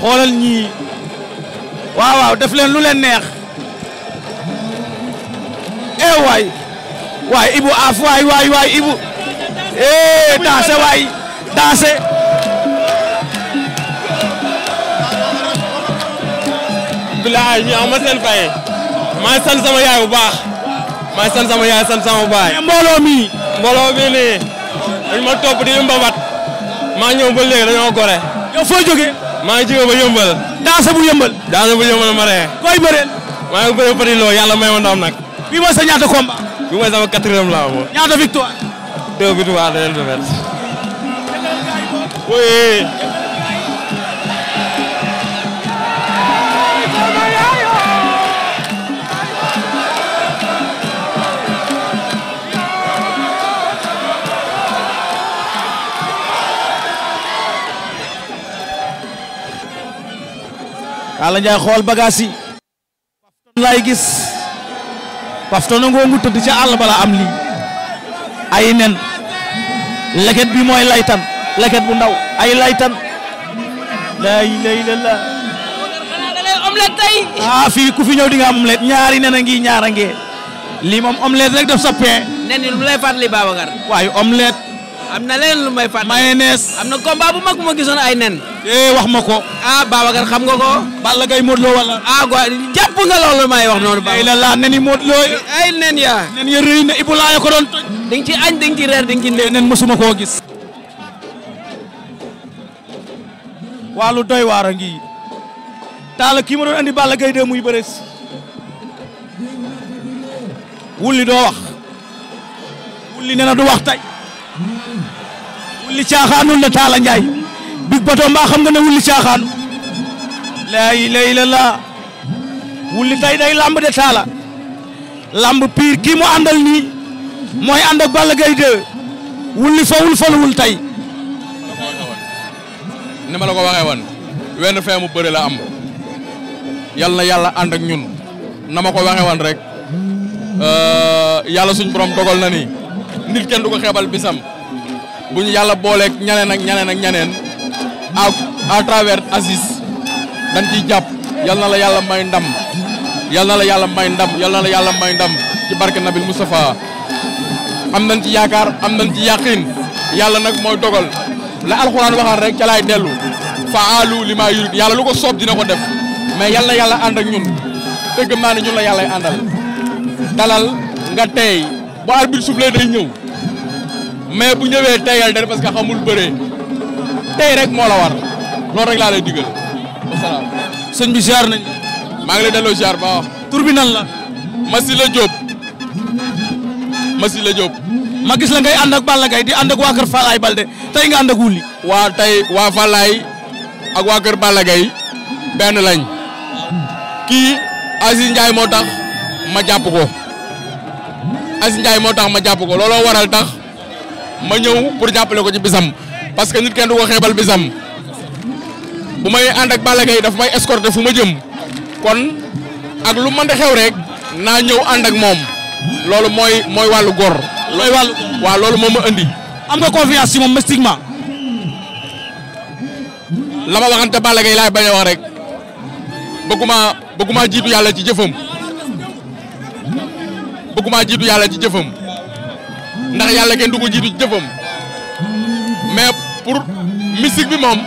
xoolal ñii waaw waaw def leen lu leen neex eh, waay waay Ibou af waay waay waay Ibou eh daase waay daase bilaay ñu am seen fay maa ngi sant sama yaay bu maa ngi sama yaay sant sama baay mbooloo mi nii dañ ma topp di mbabat maa ñëw ba léegi dañoo gore yow foo jógee maa ngi jóge ba yëmbal. bu yëmbal. danse bu yëmbal ma ree. koy bëreel. maa ngi bëree Petit Lo yàlla may ma ndam nag. bi mooy sa ñaata combat. bi mooy sama quatrième laa moom. ñaata victoire. deux victoire dañuy defar. Talla Ndiaye xool bagage yi Pafton laay gis Pafton a ngoongu tëdd ca àll bala am lii ay nen leket bi mooy laytan leket bu ndaw ay laytan laa ilaaha illallaah omelette tey ah fii ku fi ñëw di nga am omelette ñaari nen a ngi ñaar a ngi lii moom omelette rek def sa pain nen yi lu lay fàttali Babacar waaye omelette am na leneen lu may fàttali. mayonnaise. am na combat bu mag bu ma gisoon ay nen. eh wax ma ko. ah Babacar xam nga ko. Balla Gaye Modou Lo wala. ah quoi jàpp nga loolu may wax noonu. ay eh, la la nen yi Modou Lo ay nen yaa. nen ya rëy na Ibou Laye ko doon toj. ci añ di nga ci reer di nga ci ndéy. Eh, gis. waa doy waar ngi. taala kii ma andi Balla Gaye de muy wulli doo wax. wulli nee na du wax tey. wulli caaxaanul la Talla Ndiaye Big Pato mbaa xam nga ne wulli caaxaanu laa ilaaha illallaah wulli tay day lamb de Talla lamb pire kii mu àndal mooy ànd Balla Gaye 2 wulli fawul faluwul tay ni ma la ko waxee woon wenn fee mu bëri la am yal na yàlla ànd ak ñun na ko waxee woon rek euh, yàlla suñ borom dogal na nii nit kenn lu ko xeebal bisam bu ñu yàlla booleek ñaneen ak ñaneen ak ñaneen à à travers Aziz dañ ciy jàpp yal na la yàlla may ndam yàlla na la yàlla may ndam yàlla la yàlla may ndam ci barke Nabil Moustapha am nañ ci yaakaar am nañ ci yàqin yàlla nag mooy dogal la alxuraan waxaat rek ca laay dellu faalu li maa yurid yàlla lu ko soob dina ko def mais yal yàlla ànd ak ñun te gëm naa ne ñun la yàllay àndal dalal nga tey bu arbitre soufflé day ñëw. mais bu ñëwee tegal der parce que xamul bëree tey rek moo la war loolu rek laa lay digal wasalaam. sëñ bi ziar nañ maa ngi lay delloo ziar ba wax. tur bi nan la. Masila Diop Masila Diop. ma gis la ngay ànd ak Balla Gaye di ànd ak waa kër Falaye Balde tey nga ànd ak Wouly. waa tey waa Falaye ak waa kër Balla Gaye benn lañ kii Aziz Ndiaye moo tax ma jàpp ko Aziz Ndiaye moo tax ma jàpp ko looloo waral tax. ma ñëw pour jàppale ko ci bisam parce que nit kenn du ko xeebal bisam bu may ànd ak Balla Gaye daf may escorter fu ma jëm kon ak lu mën xew rek naa ñëw ànd ak moom loolu mooy mooy wàllu góor. mooy wàllu waaw loolu moom ma andi. am nga confiance si moom mystiquement. la ma waxante Balla Gaye laay bañ a wax rek bëgguma bëgguma jiitu yàlla ci jëfam bëgguma jiitu yàlla ci jëfam. ndax yàlla kenn du ko jiitu jëfam mais pour mystique bi moom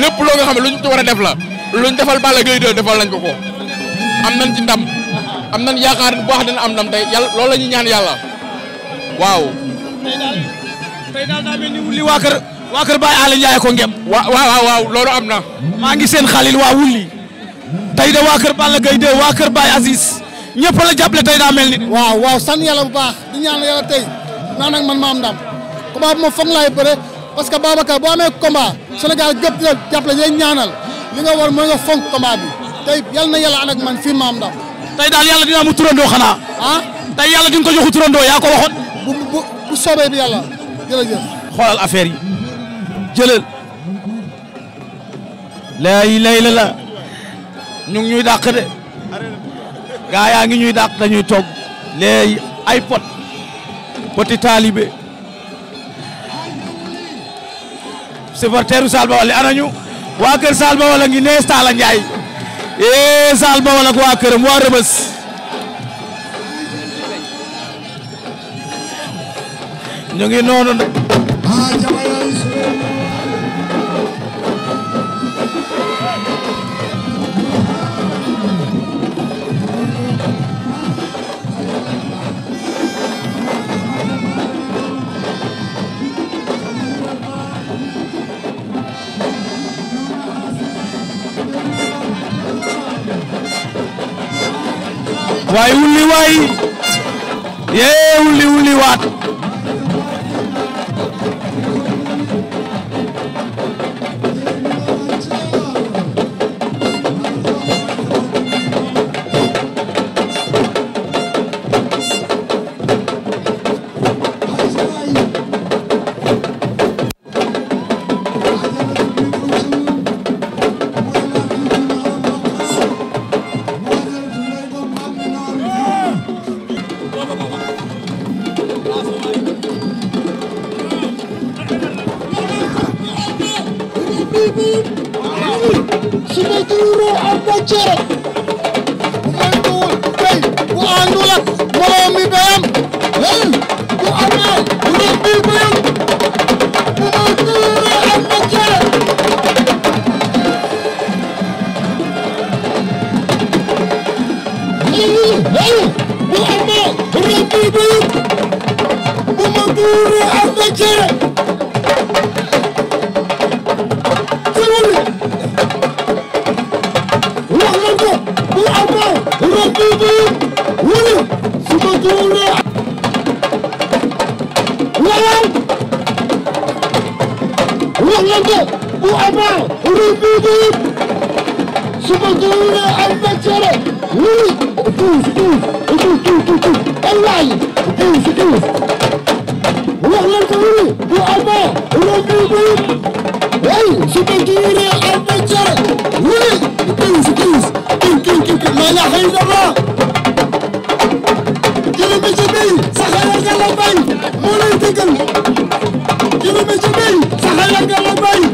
lépp loo nga xam ne lu ñu ci war a def la luñ defal Balla Gaye defal lañ ko ko am nañ ci ndam am nañ yaakaar bu wax dina am ndam tey yàlla loolu la ñuy ñaan yàlla waaw. tey daal tey daal daa mel waa kër waa kër Baye Alioune ko ngem. waaw waaw loolu am na. maa ngi seen xalil waa wulli tey de waa kër Balla Gaye 2 waa kër Baye Aziz. ñëpp la jàppale tey daa mel ni. waaw waaw sant yàlla bu baax di ñaan yàlla tey naan man ma am ndam combat bi laay bëre parce que Babacar boo amee combat Sénégal gëpp la jàppale day ñaanal li nga war mooy nga fonk combat bi tey na yàlla ànd ak man fii ma am ndam. daal yàlla dina ah? di nga ko joxu turandoo yaa ko waxoon. bu bu bu soobee bi yàlla jërëjëf. xoolal affaire yi ñuy dàq de. gaa yaa ngi ñuy dàq dañuy toog les ay pot poti taalibe supporteru Saal Bawol anañu waa kër Saal Bawol a ngi nee Talla Ndiaye ee eh, Saal Bawol ak waa këram waa Rëbës ñu ngi noonu waay wuli waay yee wuli wuli waat bu amaa ruubiidin suba duule albacere wii duus duus duus duus duus duus wallaay duus duus wax leen ko wii bu amaa ruubiidin suba duule albacere wii duus duus kin kin kin kin maa la xëy dama jële mi ci bay sa xayal gala bay moo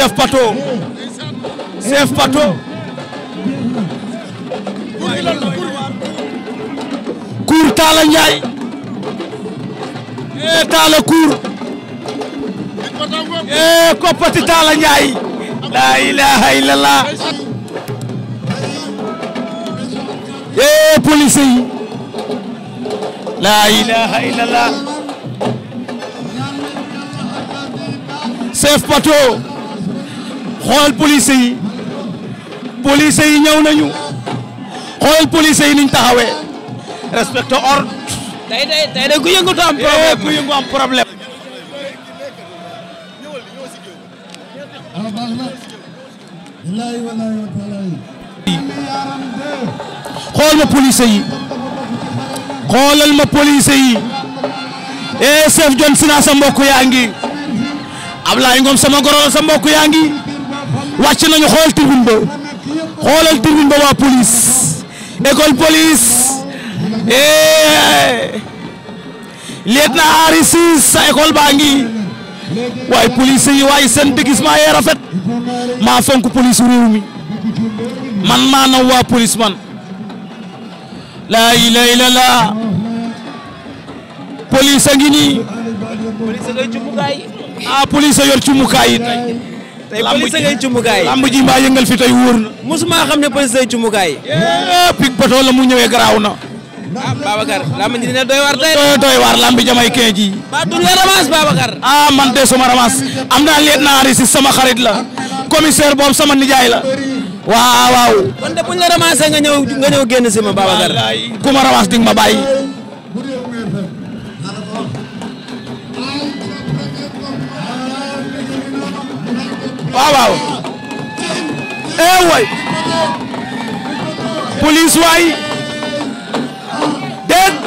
Chef Pato Chef Pato Cour ee eh, eh, koppati Talla laa ilaaha ee police laa ilaaha illallah Pato xool police yi police yi ñëw nañu xool police yi niñ taxawee respecte ordre. tey day am problème eh, ku am problème. xool ma police yi xoolal ma police yi eh chef John Sina sa mbokk yaa ngi Ablaye Ngom sama goro sa mbokk yaa ngi. wàcc nañu xool tribune ba xoolal tribune ba waa police école police eh. lieutenant Henri Ciss sa baa ngi waaye police yi waaye seen déguisement yee rafet maa fonk police réew mi man maa naw waa man laa ilaha illallah police a ngi nii ah police a yor cumukaay yi tey tey police ngay cumukaay lamb ji mbaa yëngal fi tey wóor na mosuma xam ne police ngay cumukaay eh, pig bato la mu ñëwee garaaw na ah Babacar lamb ji dina doy waar tey doy doy waar lamb jamay kee ji ramas Babacar ah man de sama ramas am naa leet naa si sama xarit la commissaire boobu sama nijaay la waaw waaw kon de buñ la ramasee nga ñëw nga ñëw génn si ma Babacar ku ma ramas di ma bàyyi waaw waaw ee eh, way police waay déet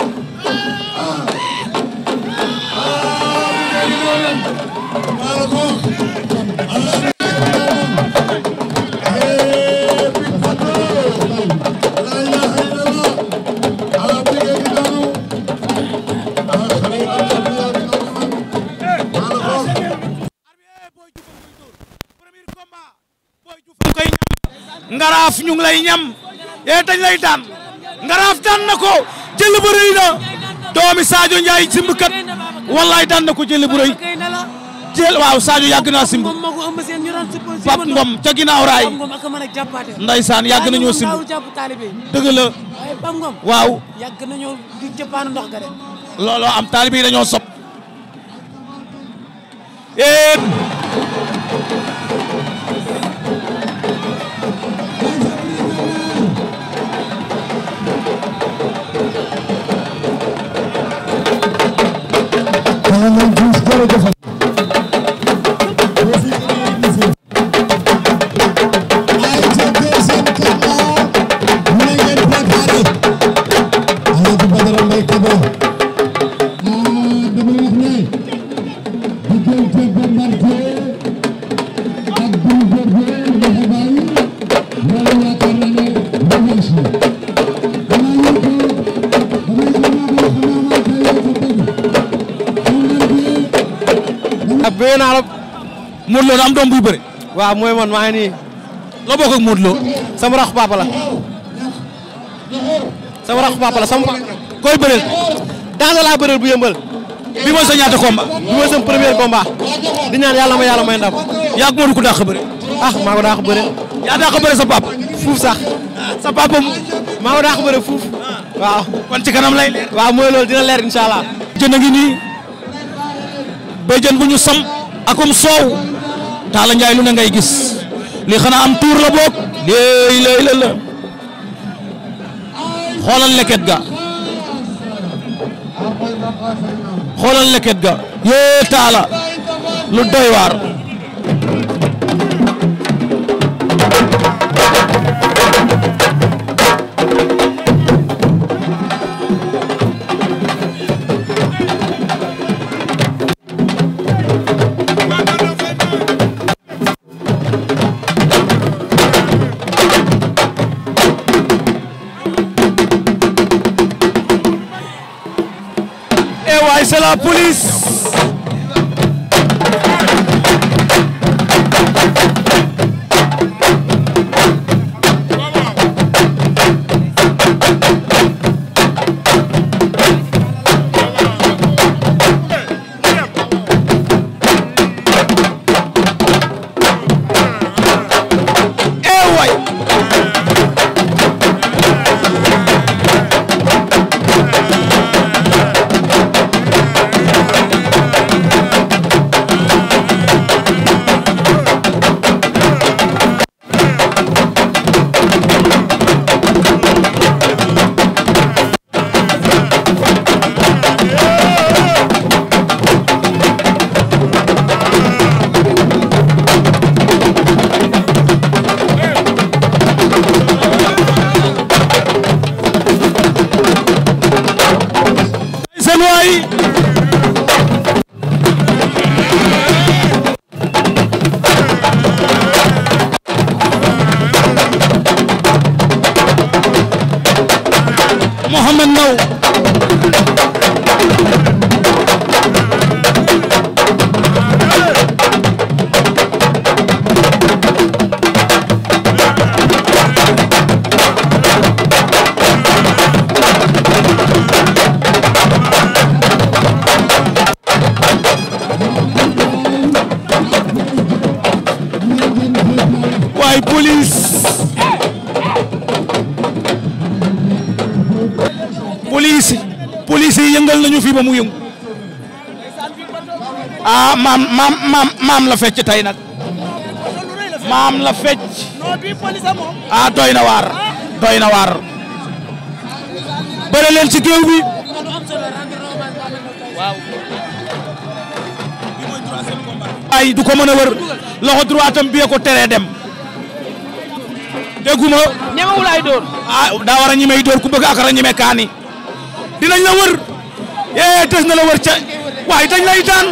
lay ñam yee dañ lay daan ngaraaf daan na ko jël bu rëy na doomi Sadio Ndiaye simb kat wallaay daan na ko jël bu rëy jël waaw Sadio yàgg naa simb Pape Ngom ca ginnaaw raay ndaysaan yàgg nañoo simb dëgg la waaw loolo am taalibe yi dañoo sopp. jërëjëf nga am doom buy bëre. waaw mooy man maa ngi nii. loo bokk ak Modou Lo. sama rax papa la. rax papa la sama. koy bëreel. daanaka laa bëreel bu yëmbal. bi ma sa ñaata combat. bi mooy sa premier combat. di ñaan yàlla ma yàlla may ndam. yaa ngi Modou ko dàq bëre. ah maa ko dàq bëre. yaa dàq bëre sa papa. fuuf sax. sa papa maa ko dàq bëre fuuf. waaw kon ci kanam lay leer. waaw mooy loolu dina leer incha allah. a ngi nii. béjjën bu ñu sam. akum soow. Talla Ndiaye lu ne ngay gis li xanaa am tuur la boog léegi léegi la la xoolal leket ga xoolal leket ga yee Talla lu doy la police ma mu yëngu ah maam maam maam la fecc tey nag maam la fecc ah doy na waar doy na waar bëre leen ci géew bi ay du ko mën a wër loxo droitam bi ko teree dem dégguma ñemewul ay dóor ah daa war a ñemey dóor ku bëgg akara ñeme kaani dinañ la wër tës la wër ca waaye dañ lay daan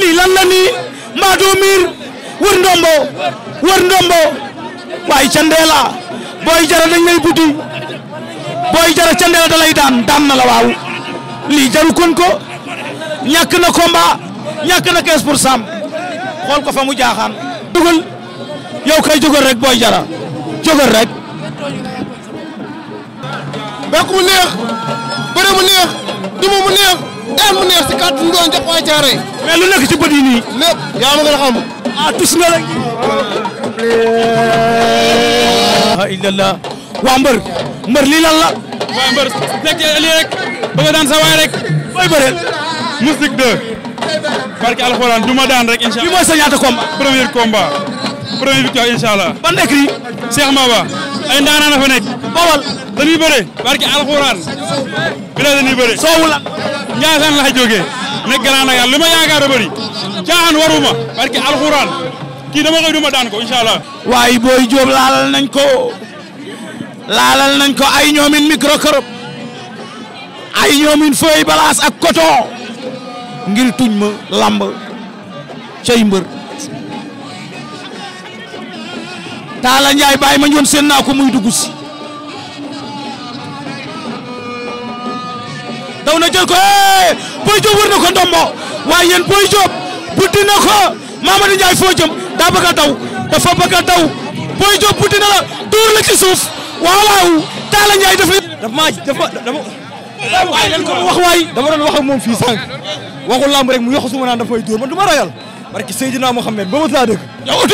lii lan la nii mbaa doo miir wër ndombo wër ndombo waaye ca booy jara dañ lay buddi booy jara ca ndeela daan daan na la waaw lii jaru kon ko ñàkk na combat ñàkk na 15 pour cent xool ko fa mu jaaxaan jógal yow kay jógal rek booy jara jógal rek bekk mu neex bëre mu neex duma mu neex daal mu neex si kàddu Ndoye Ndiokh waay Thiaroye. mais lu nekk ci bët yi nii. lépp yaa ma gën a xam. ah tus nga la. ah illallah. waa mbër. mbër lii lan la. waa mbër nekkee lii rek. bëgg daan sa waay rek. booy bëreel. musique 2. barke alxuraan du ma daan rek incha allah. bii mooy sa ñaata combat. premier combat. premier victoire incha allah. ban écrit. Cheikh Maba. ay ndaanaan a fa nekk. bawal dañuy bëre barki alxuraan bi la dañuy bëre soowu lan Ndiassane laa jógee nekk Grand Dakar li ma bëri caaxaan waruma barki alxuraan kii dama koy duma daan ko incha allah waaye booy Jóob laalal nañ ko laalal nañ ko ay ñoomin micro ay ñoomin feuille balaas ak coton ngir tuñ ma lamb cay mbër Talla Ndiaye bàyyi ma muy dugg daw na jël ko eh Boy Diop wër na ko ndombo waaye yéen Boy Diop buddi na ko Mamadou Ndiaye foo jëm daa bëgg a daw dafa bëgg a daw Boy Diop buddi na la dóor la ci suuf waaw Talla Ndiaye daf ma dafa dafa. waaye dañ ko wax waay mu ma naan dafay dóor man du ma ragal parce que Seydina Mohamed ba ma laa dëkk. yow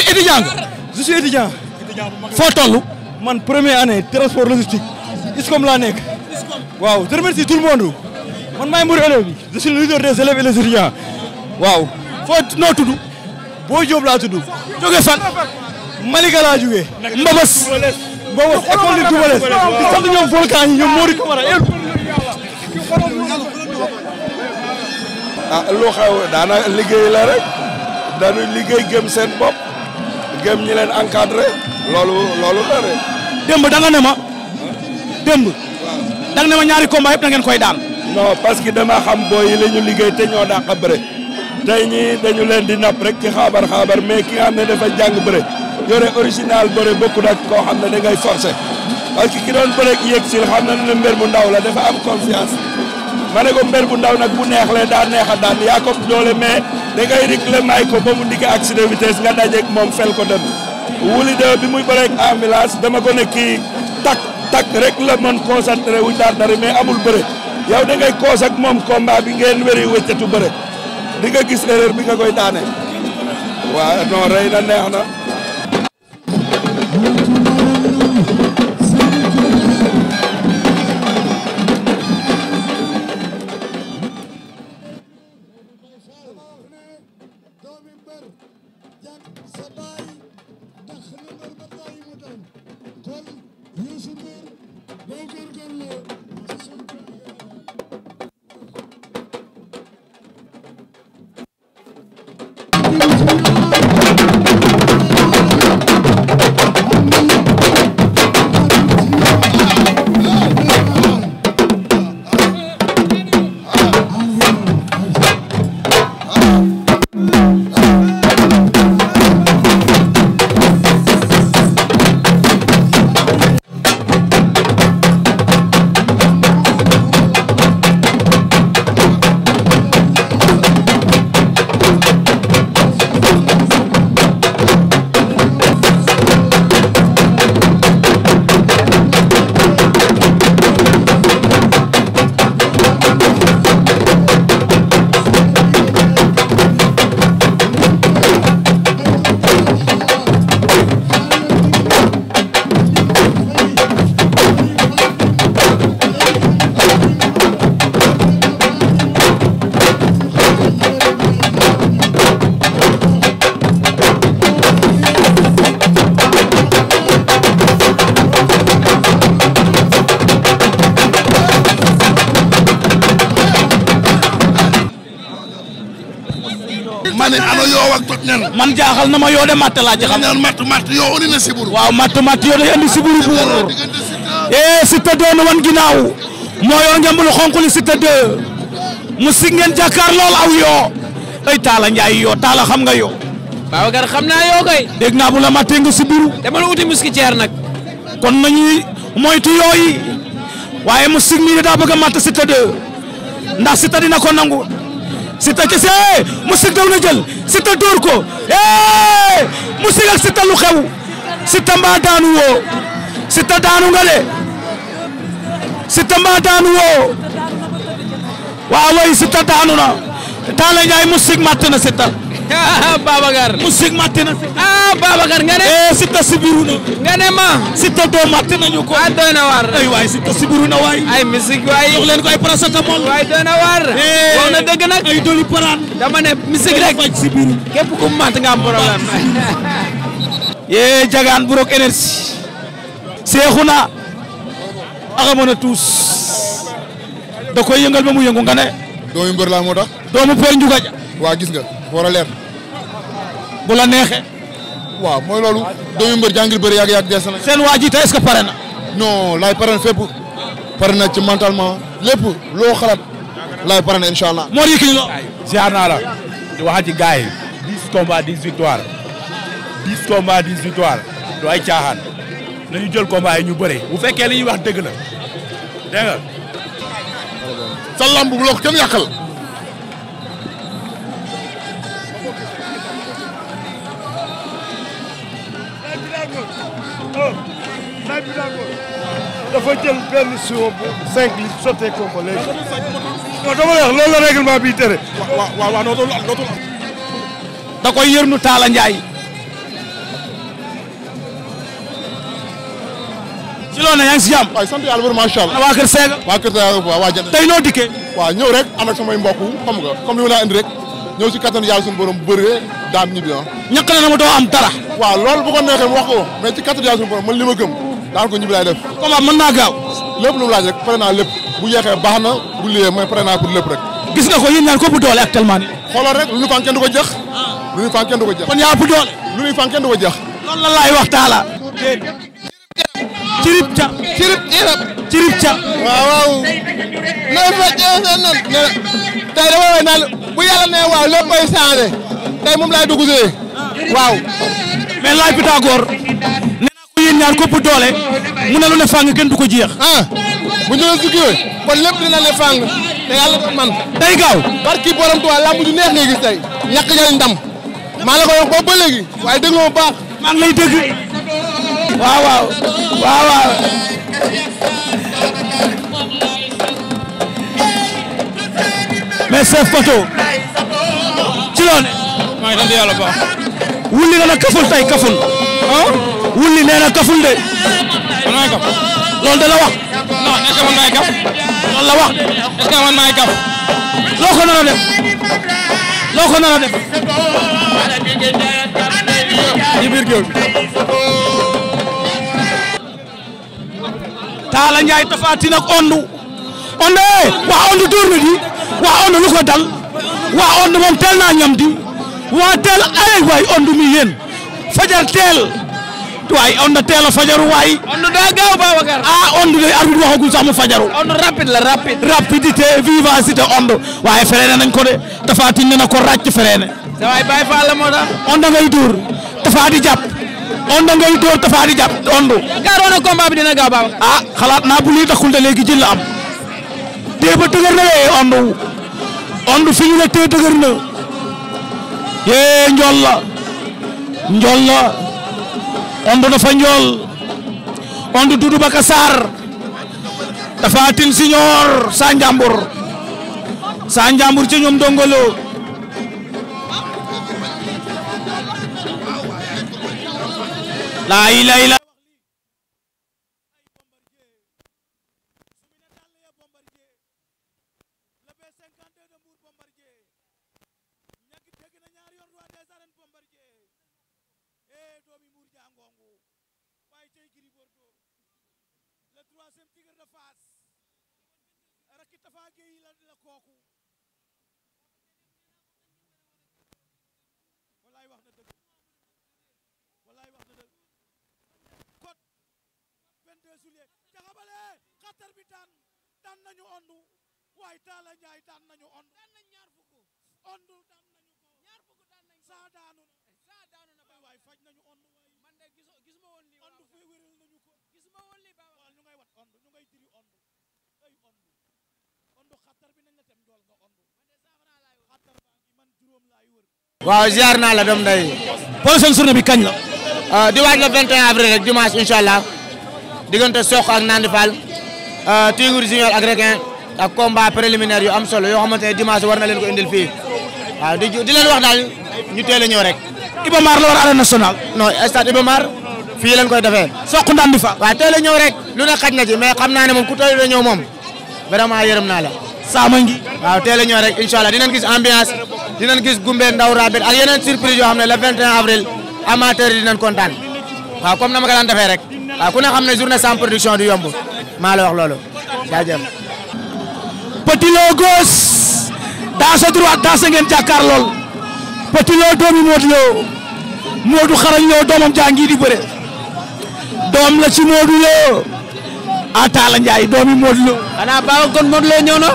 tu foo toll. man premier année transport logistique ISCOM laa nekk. waaw je remercie tout le monde. man maay mbiru élèves yi je suis le leader des élèves et waaw foo noo tudd boo Diop laa tudd jóge fan Malika laa Mbabas Mbabas école de Doubales di sant ñoom volcan yi ñoom Mori ah, lu xew daana liggéey la rek dañuy liggéey gëm seen bop gëm ñi leen encadré loolu la rek démb da ma ñaari combat yëpp da ngeen koy daan non parce que dama xam booy yi la ñu liggéey te ñoo dàq bëre tey ñii dañu leen di napp rek ci xaabar xaabar mais ki nga xam ne dafa jàng bëre yore original bëre bokkul ak koo xam ne da ngay forcé ki doon bëre ak yëg sil xam na ne mbër bu ndaw la dafa am confiance ma ne ko mbër bu ndaw nag bu neexlee daa neex a daan yaa doole mais da ngay réglé may ko ba mu dikk accident vitesse nga dajeeg moom fel ko dem wuli de bi muy bëreeg ambulance dama ko ne kii takk takk rek la wu ñu daan mais amul bëre yow da ngay koos ak moom combat bi ngeen wéri wëccatu bëre di nga gis erreur bi nga koy daane waaw non rey na neex na nan man jaaxal na ma yoo de matt laa ci xam. ñu matt matt yoo indi na siburu. waaw matt matt yoo day indi siburu buur. eh Siteu deux nu wan ginnaaw. moo yoo ngemb lu xonk li Siteu mu si ngeen jàkkaar lool aw yoo. ay Talla Ndiaye yoo Talla xam nga yoo. Babacar xam naa yoo koy. dégg naa bu la mattee nga siburu. dama la uti muscitaire nag. kon nañuy moytu yoo waaye mu sig mii daa bëgg a matt Siteu deux. ndax Siteu na ko nangu. Siteu kese mu sig daw na jël. Siteu dóor ko eh mu sig ak Siteu lu xew Siteu mbaa daanu woo daanu nga de Siteu mbaa daanu woo waaw way daanu na Talla Ndiaye mu sig matt ah Babacar. musique màtt na. ah Babacar nga ne. eh na. nga ne ma. Siteu doo màtt nañu ko. ah doy na waar. waay Siteu sibiru waay. ay waay. jox ko ay paracetamol. waay doy na waar. Eh. wax na eh, jagaan bu rog énergie. seexu na. tuus. da yëngal ba mu yëngu nga ne. doomu mbër laa moo tax. doomu Père Ndiouga. war a leer. bu la neexee. waaw mooy loolu. doomi mbër jàngil bëri yàgg yàgg des na. seen waa ji tey est que pare na. non laay pare na fépp. pare na ci mentalement. lépp loo xalaat. laay pare na incha allah. Mor Yekini la. ziar di wax ci gars yi. dix combats dix victoires. dix combats dix victoires. ay caaxaan. nañu jël combats yi ñu bëre. bu fekkee li ñuy wax dëgg la. dégg nga. sa kenn yàqal. dafa jël benn siwo bu 5 litres sottee ko ko léegi. loolu la règlement bi tere. waaw waaw waaw nootul am nootul am. da koy loolu nag yaa si jàmm. waaw sant yàlla wér macha allah. waa Kër Sega. waa Kër tey noo dikkee. waaw ñëw rek ànd ak samay mbokk xam nga li ma la rek. ñëw si kattanu yàlla suñu borom bëree daam ñibbi ah. ñàkk na ne am dara. waaw loolu bu ko neexee wax ko mais ci kattanu yàlla borom man li daan ko ñibbi laay def. combat mën naa gaaw. lépp lu mu laaj rek pare naa lépp bu yeexee baax na bu liyee mooy pare naa pour lépp rek. gis nga ko yéen ñaan ko bu doole actuellement nii. rek lu ñu fànn kenn du ko jeex. Ah. lu ñu la laay wax taala. cirib ca cirib irab cirib ca waaw waaw loolu fa jeexal nan tey dama way naan bu yàlla ne waaw léppay changé tey moom laay dugg si waaw. mais laaj bi d'accord nee naa ko ñaar képp doole mu ne lu kenn du ko jeex. ah bu ñu doon sukkiwee kon lépp dina ne fàng te yàlla ko man. day gaaw barki borom tuwa làmb ju neex ngay gis tey. ñàkk jëriñ ndam maa la ko wax ba ba léegi waaye déglu ma baax. maa ngi lay dégg. waaw waaw waaw. mais Chef Pato ci loone maa ngi sant yàlla bu baax. wulli nga nag kaful tay kaful. ah. wulli nee na kaful de. man maay kaf. loolu de la wax. non est ce que man maay kaf. loolu la wax. est ce que man maay kaf. loo ko nar a def. loo ko nar a def. ci biir géew bi. Talla Ndiaye Tapha Tine ak Onde. Onde eh, waa Onde tourne di. waa Onde lu ko dal waa Onde moom teel naa ñam di waa teel ay waay Onde mi yéen fajar teel waay Onde teel a fajaru waay. Onde daa gaaw Babacar. ah Onde day arbitre waxagul sax mu fajaru. Onde rapide la rapide. rapidité vivacité Onde waaye freiné nañ ko de Tapha Tine na ko ràcc freiné. sa waay Baye Fall la moo tax. Onde ngay dóor Tapha di jàpp. Onde ngay dóor Tapha di ah, xalaat naa bu lii taxul de léegi jël am. téye ba dëgër na ondu ondu fi na yee njool la njool la ondu dafa njool ondu Doudou Baka Sarr dafa tin siñoor saa njàmbur saa njàmbur ci ñoom dongolo bi daan daan nañu ondu waaye Talla Ndiaye daan nañu ondu. daan nañ ñaar fukk. ondu daan nañu ko. ñaar fukk daan nañ ko saa na. ko. gisuma woon bi nañ la tem njool man juróom laay wër. waaw naa la doom day. prochaine journée bi kañ la. Ah, di waaj le ak Nandi Fall. Euh, tigre junior ak Requin ak combat préliminaire yu am solo yoo xamante ne dimanche war na leen ko indil fii waaw di leen wax daal ñu teel a ñëw rek. Iba Mar la war arène nationale. non stade Iba Mar fii koy defee. soq ndànd fa. waaw teel a rek lu ne xaj na ci mais xam naa ne moom ku teel a ñëw moom vraiment yërëm naa la. saama ngi. waaw teel a ñëw rek incha allah dinañ gis ambiance dinañ gis gumbe ndaw rabet ak surprise yoo xam ne le 21 avril comme na ma rek waaw ku ne xam ne production du yomb. maa la wax loolu jaajëf. Petit Lo gauche dans sa ngeen jàkkaar lool Petit Lo doomi Modou Lo Modou xarañ Lo doomam jaa ngi di bëre doom la ci Modou Lo ah Talla Ndiaye doomi Modou Lo. xanaa baaxul kon Modou Lo ñëw na.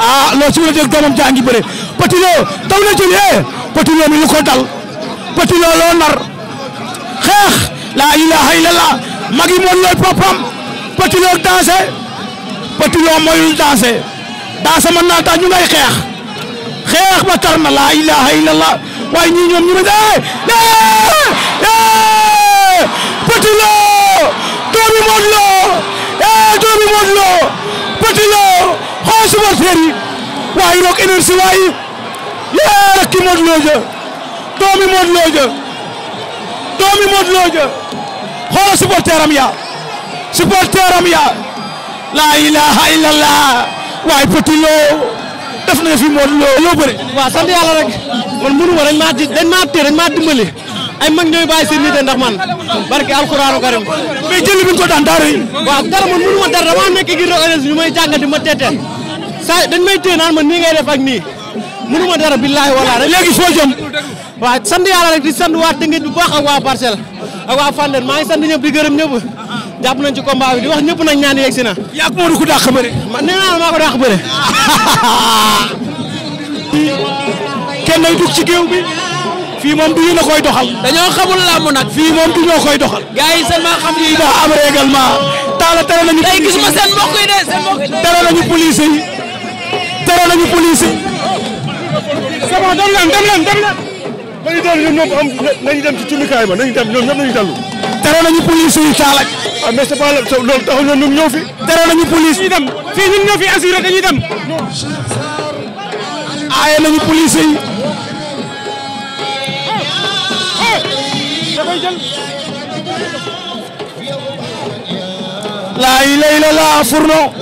ah loo ci mën a dégg doomam jaa ngi bëre Petit Lo taw na jël eh Petit Lo mi lu dal Petit Lo loo nar xeex la ilaha illallah magi Modou Lo papam Petit Lo ak Dansé Petit Lo moyul Dansé naa tax ñu ngay xeex xeex ba tar na laa ilaaha waaye ñii ñu ne eh eh Petit Lo doomi Modou Lo eh doomi Modou Lo Petit Lo xool supporter yi waaye roog énergie waaye yee rek ki Modou doomi Modou Lo jë doomi Modou Lo jë xoolal supporteram yaa supporter am ya la ilaha illallah waaye Petit Lo def na fi Modou Lo loo bëre. waaw sant rek man mënu ma dañ maa dañ maa tee dañ maa dimbali ay mag ñooy bàyyi seen nit ndax man barke alxuraanu karim. mais jëli bi ko daan daara yi. dara man mënu ma dara damaa nekk gi réew ñu may jàngati ma tete saa dañ may tee naan man nii ngay def ak nii mënu ma dara billahi wala léegi foo jëm. waaw sant rek di sant waa Tëngéej bu baax ak waa Parcelles ak waa Fandène maa ngi sant ñëpp jàpp nañ ci combat bi di wax ñëpp nañ ñaan yegg si na. yaa ko Modou ku dàq bëre. man nee naa la maa ko dàq bëre. kenn day dugg ci géew bi. fii moom du ñu koy doxal. dañoo xamul làmb nag. fii moom du ñoo koy doxal. gars yi seulement xam lii daa am règlement. taala tere nañu. tey gisuma seen mbokk yi de seen mbokk yi de. ci cumikaay ba nañu dem ñoom ñoom nañu dellu. tere nañu police taala. ah mais c'est pas la loolu taxul ñun ñun ñëw fi. dara nañu police ñuy dem fii ñun ñoo fi assuré dañuy dem. aaye nañu police yi. laa yi lay la laa fourneau.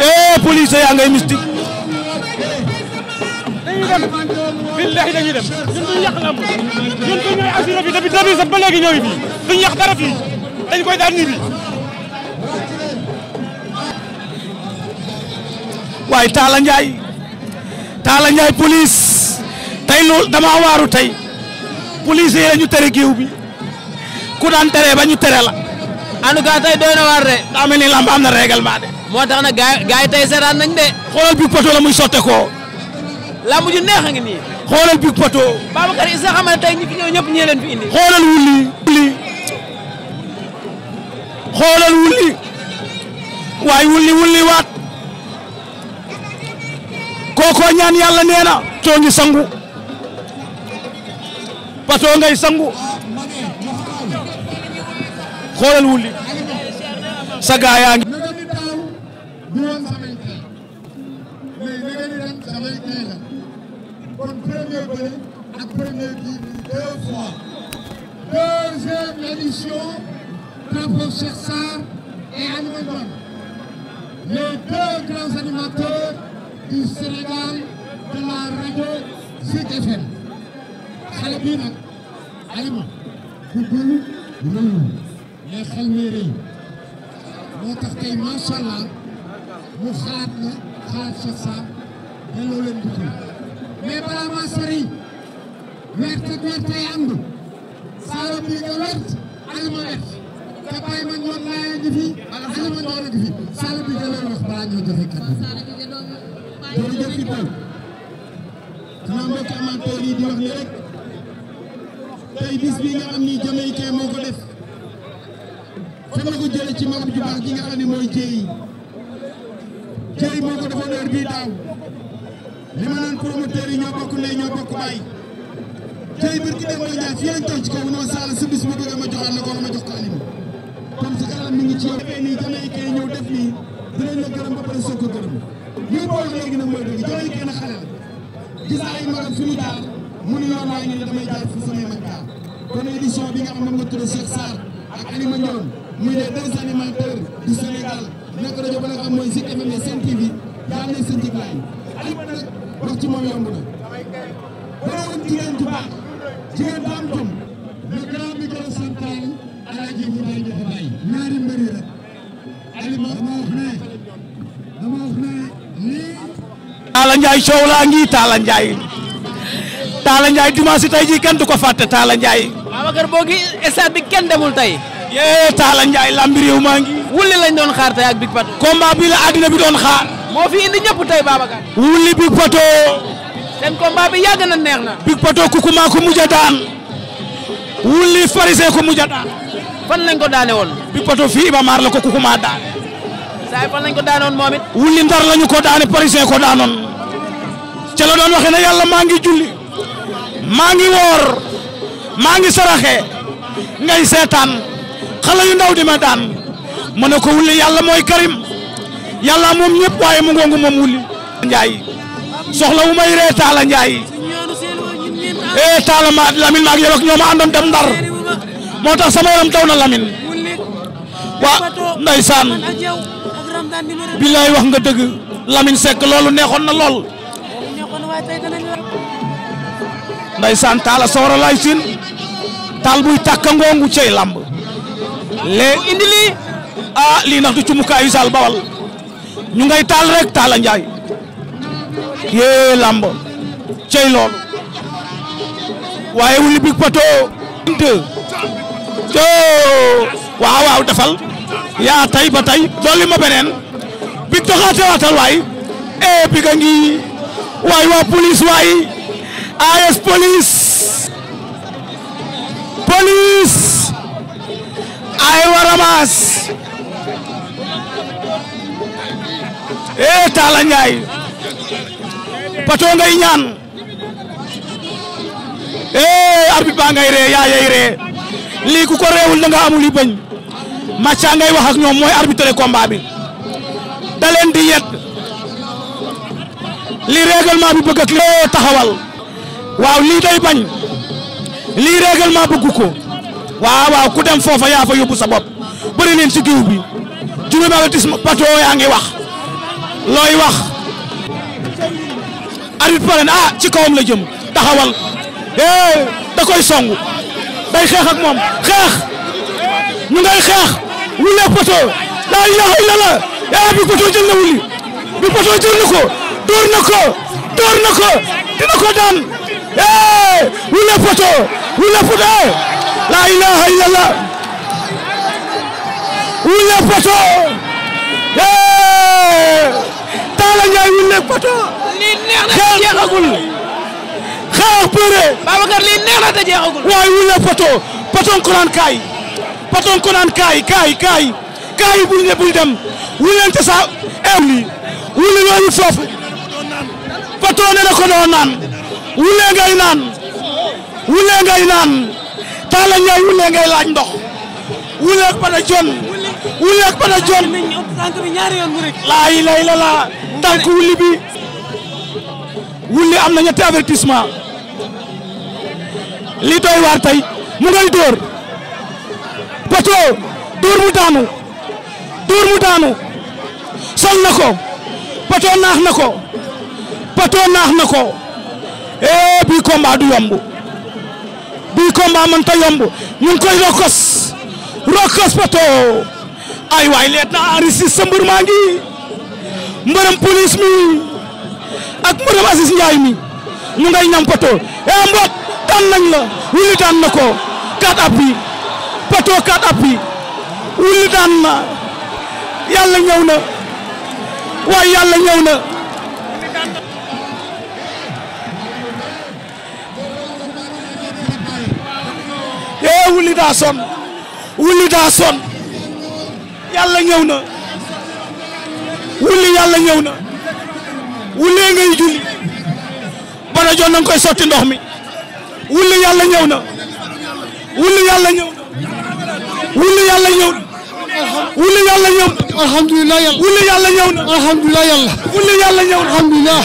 eh police yaa ngay mystique. dañuy dem billahi dañuy dem ñun duñu yàq lamb ñun duñu assuré fii depuis 2007 ba léegi ñëw fii duñu yàq dara fii. dañ koy daan ñibbi. waaye Talla Ndiaye Talla Ndiaye police tey loolu dama waaru tey police yi ñu tere géew bi ku daan tere ba ñu tere la. en tout cas doy na waar de. daa mel ni lamb am na règlement de. moo tax nag gars gars yi tey seetaan nañ de. xoolal bi poto la muy sotteekoo. lamb ju neex a ngi nii. xoolal bi poto. Babacar Issa xam ne tey ñi fi ñëw ñëpp ñee leen fi indi. xoolal wulli xoolal wulli waaye wulli wulli waat kookoo yàlla nee na too ngi sangu patoo ngay sangu xoolal wulli sa drapeau Cheikh Sarr et Aliou les deux grands animateurs du Sénégal de la radio Zik FM xale bii nag Alima bu bëri rëyul mais xel tax tey macha mu xalaat na xalaat Cheikh Sarr delloo leen dugub mais balaa maa sori werte werte yi ànd Sarr bii nga Alima werte. te bàyyi ma ñoom laaya ngi fi alxames ma ñoom ngi fi saal bi jëloon wax balaa ñoo joxe kàddu gi. jërëjëf di taw xanaa mbokki amateur rek tey bis nga xam ni jamaïcain moo ko def fan la ko ci mag ju baax gi nga xam ne mooy moo ko defoon heure bii daaw li ma naan promoteur yi ñoo bokk ndey ñoo bokk baay. tey biir dem ba ñaar fii lañ ci kaw ma saala sa bis ma bëgg ma joxaat kon sa kanam mi ngi ci yow. defee nii jamaïcain yi a xale la mu ne yoon waaye bi nga xam ne moom nga tudd Cheikh Sarr ak Alima Ndione muy les deux animateurs du Sénégal nekk rajo ba nga xam mooy Zik FM ne Sen TV daal ne seen jiglaay Alima ci moom yomb na boo jigéen ju baax jigéen bu Alaaji Ibrahima dafa bàyyi ñaari mbëri rek dama wax ne coow laa ngi Talla Ndiaye Talla Ndiaye dimanche kenn du ko fàtte Talla Ndiaye Babacar boo gi bi kenn demul tey yee Talla Ndiaye lambi maa ngi wulli lañ doon xaar tey ak Big Pato combat bi neex na Big Pato kuku maa ko mujj wulli farisee ko mujj fan lañ ko daane woon. bi poto fii Iba Mar la ko kukuma daane. lañ ko wulli ndar lañu ko daane parisien ko daanoon. ca la doon waxee ne yàlla maa ngi julli. maa ngi woor. maa ngi saraxe. ngay seetaan. xale yu ndaw di ma daan. ma ne ko wulli yàlla mooy Karim. yàlla moom ñëpp waaye mu ngongu moom wulli. Ndiaye soxla wu may ree Talla Ndiaye. eh Talla ma Lamine ma ak yow ñoo ma àndoon dem Ndar. moo tax sama yaram daw na Lamine waa ndeysaan billaay wax nga dëgg Lamine Seck loolu neexoon na lool ndeysaan taala sawara lay siin taal buy tàkka ngoongu cey lamb lee indi lii ah lii ndax du cumukaayu sal bawal ñu ngay taal rek taala njaay yee lamb cey lool waaye wuli big pato deux joo waaw waaw defal yaa tay ba tay dolli ma beneen bi doxaate waatal waay ee bi ga ngi waay waa police waay AS police police ay wa ramas ee Talla Ndiaye pato ngay ñaan ee arbitre baa ngay ree yaa yey ree lii ku ko réewul da nga amul yu bañ Macha ngay wax ak ñoom mooy arbitre combat bi di yet lii règlement bi bëgg ak taxawal waaw lii day bañ lii règlement bëgg ko waaw waaw ku dem foofa yaa fa yóbbu sa bopp ci giw bi juróomi avertissement pato yaa ngi wax looy wax arbitre pare ah ci kawam la jëm taxawal eh da songu. day xeex ak moom la bi poto jël na wuli bi poto jël na ko door na ko door na ko dina ko daan ee wulee poto wulee poto laa ilaha illa la wulee poto ee Talla Ndiaye xeex bëre. Babacar lii neex na te paton ko naan kaay paton ko naan kaay kaay kaay bul ne bul dem wuleen te sa em wule loolu foofu pato ne na ko doon naan wule ngay naan wule ngay wule ngay laaj ndox wule ak jon wule ak jon laa yi lay la laa tànk wuli bi wuli am na ñetti avertissement li doy waar tey mu dóor Pato dóor mu daanu dóor mu daanu sol na ko Pato naax na ko Pato naax na ko eh bii combat du yomb bii combat mën ta yomb koy rokos rokos Pato ay waay leet na Ari Cissé maa ngi mbërëm police mi ak mbërëm Aziz Ndiaye mi ñu ngay ñam Pato eh mbot daan nañ wulli daan na ko quatre appuis bato wulli daan na yàlla ñëw na waaye yàlla ñëw na ee eh, wulli daa wulli daa son yàlla na wulli yàlla ñëw na wullee ngay julli bana joon na nga koy sotti ndox mi wulli yàlla ñëw na wulli yàlla ñëw wulli yàlla ñëw wulli yàlla ñëw alhamdulilah yàlla wulli yàlla ñëw na alhamdulilah yàlla wulli yàlla ñëw alhamdulilah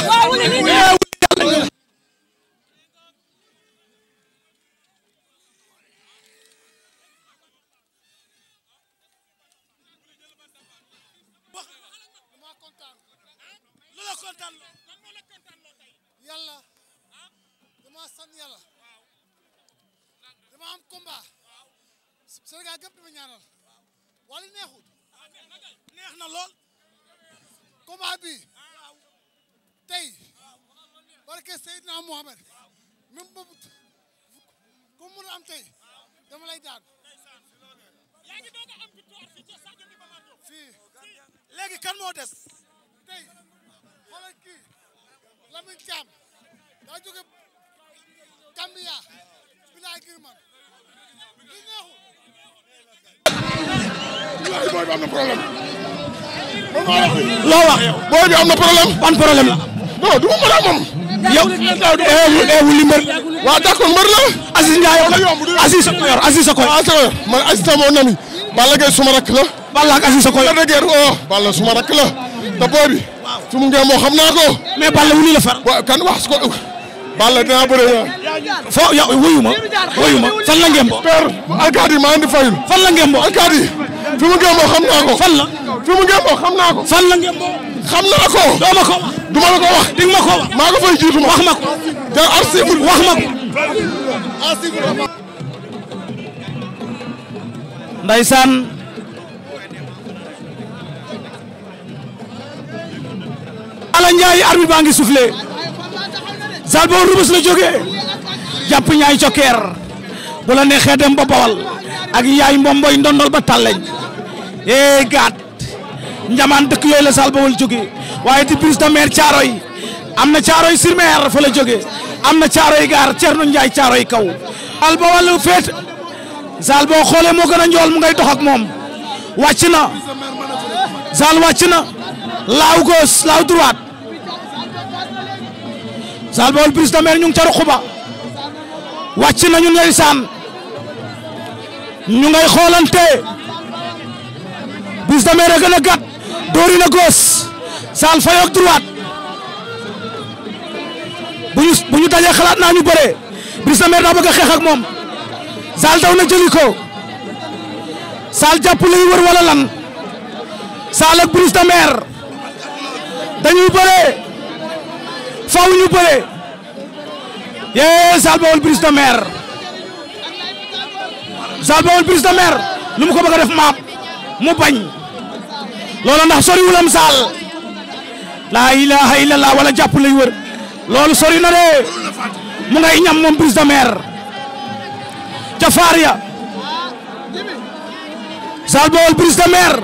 Sénégal gépp dama ñaanal wala neexut neex na lool combat bi tey barke Seydina Mohamed même boobu ku mën a am tey dama lay daan yaa ngi doog moo des tey xoolal kii Lamine daa jóge Gambia bi laa gir man booy bi am na am na problème. ban problème la. du ma mën a moom. yow eh, eh, eh wuli mbër. waaw d'accord mbër la. Aziz Ndiaye yow la yomb. Aziz sa ko yor Aziz sa ah, nami. Balla Gaye suma rakk la. Balla ak Aziz sa ko yor. Balla oh, Balla suma rakk la. te booy bi. su moo xam naa ko. mais Balla wuli la far. kan wax ko. Balla dinaa bëre yaa. foo yow wuyu ma wuyu ma fan la alkaati maa indi fayul. fan la ngeen boo alkaati fi mu ngeen xam naa ko. fan la fi mu ngeen boo xam naa ko. fan la ngeen boo. doo ma ko du ma la ko wax. di ma ko maa ko fay jiitu wax ma ko. te arsiwul wax ma ko. baa ngi soufflé. Zal boo rubus la jógee jàpp ñaay cokkeer bu la neexee dem ba bawal ak yaay mbomboy ndondol ba tàlleñ ee gaat njamaan dëkk yooyu la Zal Baol waaye di brise de mer caaroy am na caaroy sur mer fa la jógee am na caaroy gaar Cerno Njaay caaroy kaw Zal Baol feet Zal boo xoolee moo gën a njool mu ngay dox ak moom wàcc na Zal wàcc na laaw gauche laaw droite Saal Bawol Brise de Mer ñu ngi ca ruq ba wàcc nañu ndeysaan ñu ngay xoolante Brise de Mer a gën a doori na gauche Saal fayook droite bu ñu bu ñu dajee xalaat naa ñu bëree Brise de Mer daa bëgg a xeex moom Saal daw na jëli ko jàpp lay wër wala lan Saal ak Brise de Mer faw ñu bëree yee Zal Baol Brise de Mer Zal Baol Brise de Mer lu mu ko bëgg a def maap mu bañ loolu ndax sori wulam Zal laa ilaha illallah wala jàpp lay wër loolu sori na de mu ngay ñam moom Brise de Mer ca faar ya Zal Baol Brise de Mer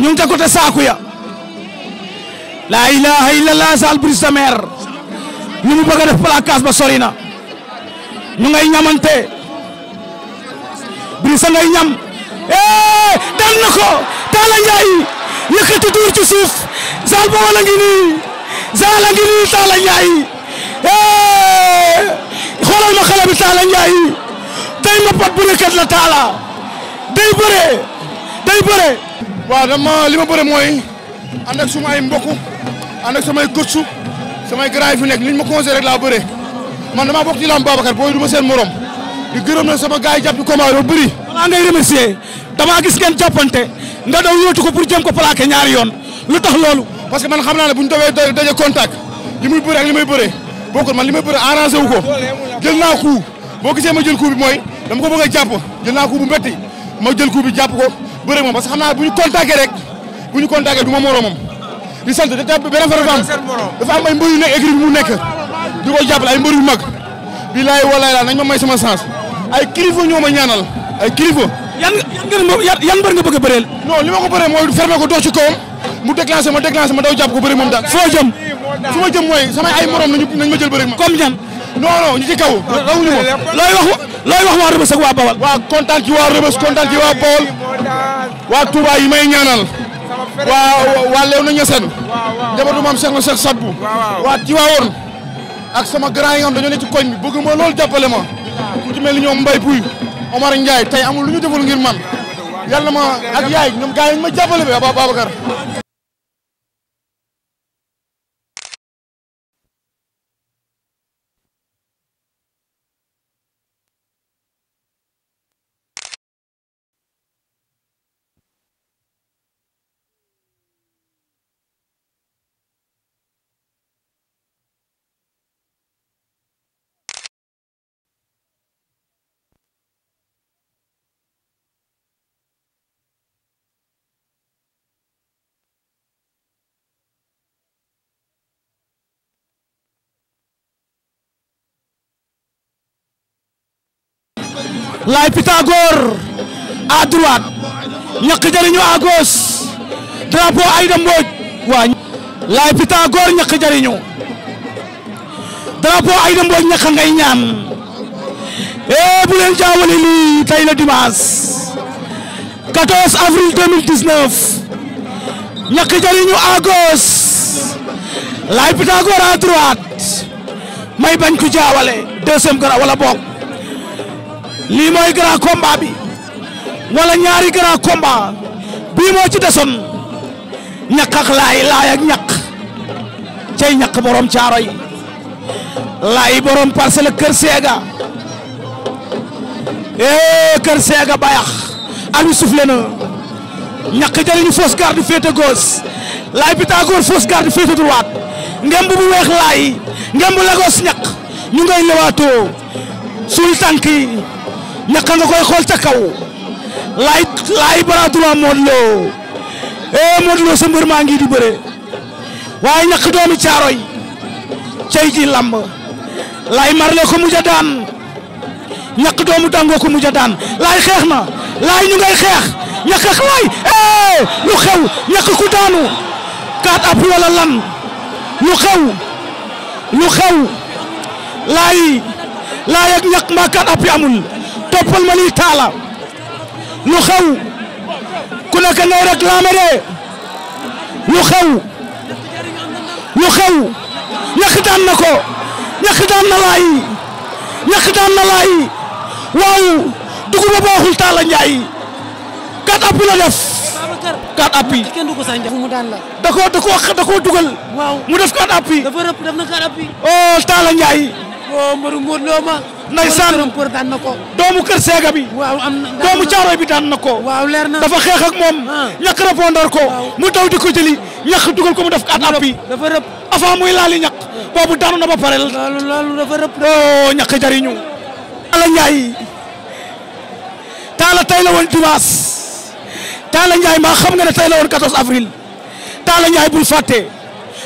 ñu ngi ca côté saaku ya la ilaha illallah sal brise sa mer mu bëgg a def ba sori na ñu ngay ñamante brise ngay ñam eh dal na ko Talla Ndiaye yëkkati duur ci suuf sal ngi nii sal ngi nii Talla Ndiaye eh xoolal ma xale bi day ma pat bu la Talla day bëre day bëre ànd ak suma ay mbokk ànd ak samay gëstu samay garaay fi nekk ñu ma conseillé rek laa bëree man damaa bokk ci lamb Babacar booy du ma seen morom di gërëm na sama gars yi jàpp ci combat yoo bëri. balaa ngay remercier damaa gis ngeen jàppante nga daw yóotu ko pour jëm ko plaqué ñaari yoon lu tax loolu. parce que man xam naa ne bu ñu dawee daje contact li muy bëree ak li may boo ko man li may bëree arrangé wu ko jël naa coup boo gisee ma jël coup bi mooy dama ko bëgg a jàpp jël bu metti ma jël coup bi jàpp ko bëre moom parce bu ñu contacté rek. bu ñu contacté du ma moromam di sant dafa am benn affaire dafa am ay mbër yu nekk écrit bi mu nekk di ko jàppale ay mbër yu mag bilaay walaay laa nañ ma may sama chance ay kilifa ñoo ma ñaanal ay kilifa. yan yan mbër nga bëgg ko bëree mooy fermé ko dox ci kawam mu déclenché ma déclenché ma daw jàpp ko bëri moom daal su ma jëm mooy samay ay morom nañu nañ ma jël bëri ma. comme ñan. non ñu ci kaw. rawuñu ma looy wax looy wax waa Rëbës ak waa Bawal. waa kontaan ci waa waaw waa na Niassène. waaw njabootu maam Cheikh na Cheikh Sadbou. waaw waa Tiwaawoon ak sama grand yi nga xam dañoo ne ci koñ bi bëgg ma loolu jàppale ma. ku ci mel ni ñoom Mbaye Pouy Omar Ndiaye tey amul lu ñu deful ngir man yàlla ma ak yaay ñoom gars yi ma jàppale ba Babacar. Laye Pythagore à droite ñaq jariñu à gauche drapeau Aïda Mbodj waa Laye Pythagore ñaq jariñu drapeau Aïda Mbodj ñaq ngay ñaan eh bu leen jaawale lii tey la dimanche 14 avril 2019 ñaq jariñu à gauche Laye Pythagore may bañ ko jaawale deuxième gara wala bokk lii mooy grand combat bi wala ñaari grand combat bii moo ci desoon ñaq ak laay laay ak ñaq cay ñaq borom caaro yi laay borom parcelle kër seega eh kër seega bayax alu soufflé na ñaq jëriñu fausse garde féete gauche laay Pythagore fausse garde féete ngemb bu weex laay ngemb Lagos ñaq ñu ngay lewaatoo suul naka nga koy xool ca kaw laay laay bras droit Modou Lo eh sa mbër maa ngi di bëre waaye ñàkk doomi caaroy cey ji lamb laay marle ko mujj a daan ñàkk doomu dango ko a daan laay xeex na laay ñu ngay xeex ñàkk ak eh, lu xew ñàkk daanu kaat ab wala lan lu xew lu xew laay laay ak ñàkk kaat ab amul. toppal ma taala lu xew ku nekk nay réclamé de lu xew lu xew ñàkk daan na ko ñàkk daan na laay ñàkk daan na laay waaw dugub ba baaxul taala njaay kat appi la def kat appi da dugal mu def kat appi dafa rëpp def waaw mbaru Modou Lo ma. ndeysaan daan na ko. doomu Kër Seega bi. waaw am na doomu Caaroy bi daan na ko. leer na dafa xeex ak moom. Ah. ñàkk répondeur ko. mu daw di ko jëli ñàkk dugal ko mu def. at appui dafa rëpp avant muy laali ñàkk. boobu daanu na ba pare la. loolu loolu dafa rëpp. oh ñàkk jariñu. Talla Ndiaye. Talla tey la maa xam nga ne tey la woon 14 avril. Talla Ndiaye bul fàtte.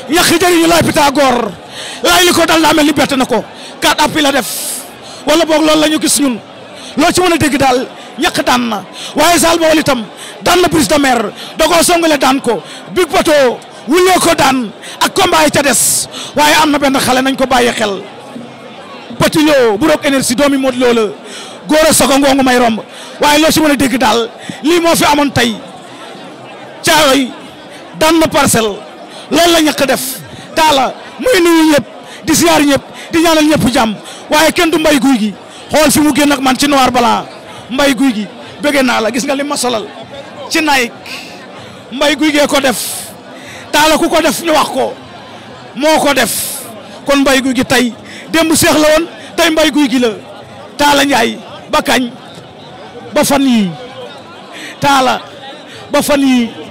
ñàkk jariñu laay Pythagore laay li ko dal daa mel ni na ko. quatre appui la def wala boog loolu la ñu gis ñun loo ci mën a dégg daal ñàkk daan na waaye Saal Bawol itam daan na Brise de Mer da koo daan ko Big Pato wulee ko daan ak combat yi ca des waaye am na benn xale nañ ko bàyyi xel Petit Lo bu roog énergie doomi Modou Lo la góor a sogo ngoongu may romb waaye loo ci mën a dégg daal lii moo fi amoon tey caaroy daan na parcelle loolu la ñàkk def taala muy nuyu ñëpp di siyaar ñëpp di ñaanal ñëpp jàmm waaye kenn du mbay guy gi xool fi mu génn ak man ci noir blanc mbay guy gi bëgg naa la gis nga li ma solal ci Nike mbay guy gee ko def taala ku ko def ñu wax ko moo ko def kon mbay guy gi tey demb seex la woon tey mbay guy gi la taala Njaay ba ba fan yii taala ba fan yii